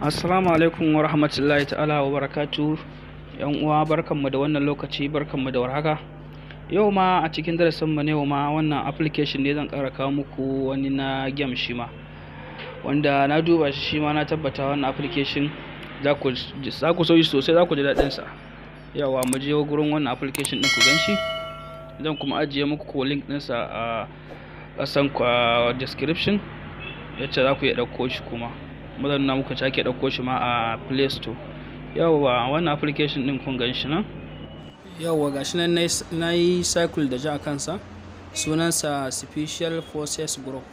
assalamu alaikum wa rahmatullahi ta'ala wa barakatu yan uwa barkanmu da wannan lokaci barkanmu da warhaka yau ma a cikin darasin mu ne ma wannan application ne zan kara kawo muku wani na game shi ma wanda na duba shi ma na tabbata wannan application za ku so sosai za ku ji daɗin sa yawa mu je gurin wannan application din ku gan shi zan kuma ajiye muku ko link din sa a ƙasan description yacce za ku iya ɗauko shi kuma mazan na muku sake ɗauko shi ma a play store yawwa wannan application ɗin kun gan shi nan yawwa gashi nan na yi cycle da ji a kansa sunansa special forces group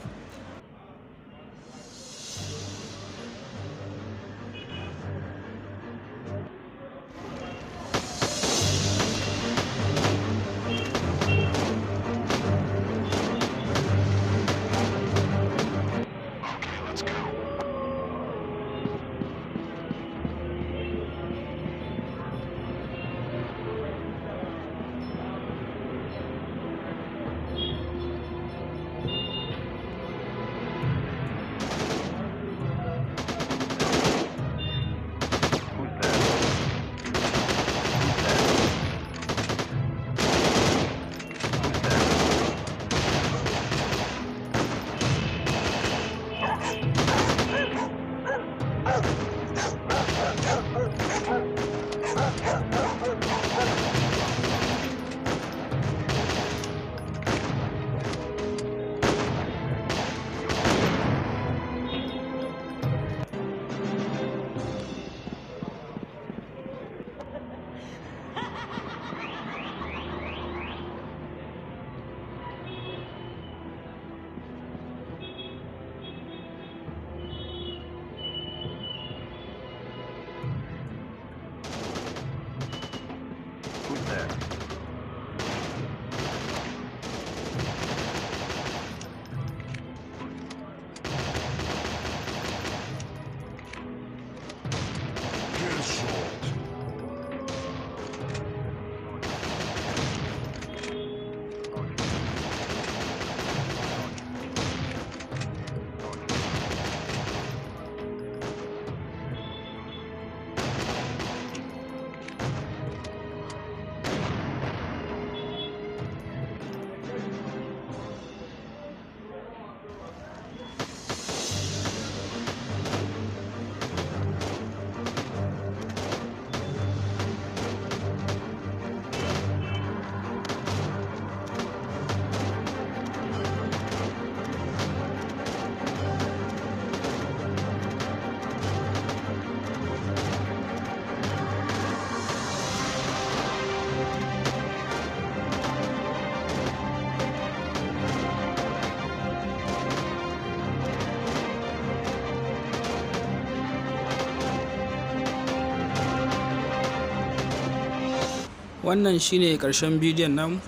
wannan shine karshen bidiyon nan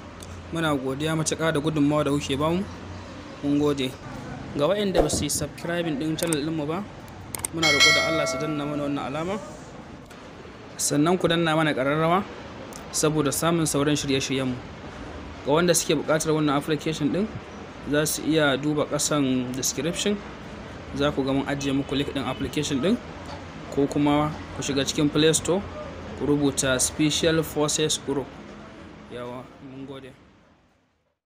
muna godiya matuƙa da gudunmawa da kuke bamu mun gode ga waɗanda ba su yi subscribing ɗin channel ɗinmu ba muna roƙo da Allah su danna mana wannan alama sannan ku danna mana ƙararrawa saboda samun sauran shirye-shiryenmu ga wanda suke buƙatar wannan application ɗin za su iya duba ƙasan description za ku ga mun ajiye muku link ɗin application ɗin ko kuma ku shiga cikin play store rubuta special forces group yawa mun gode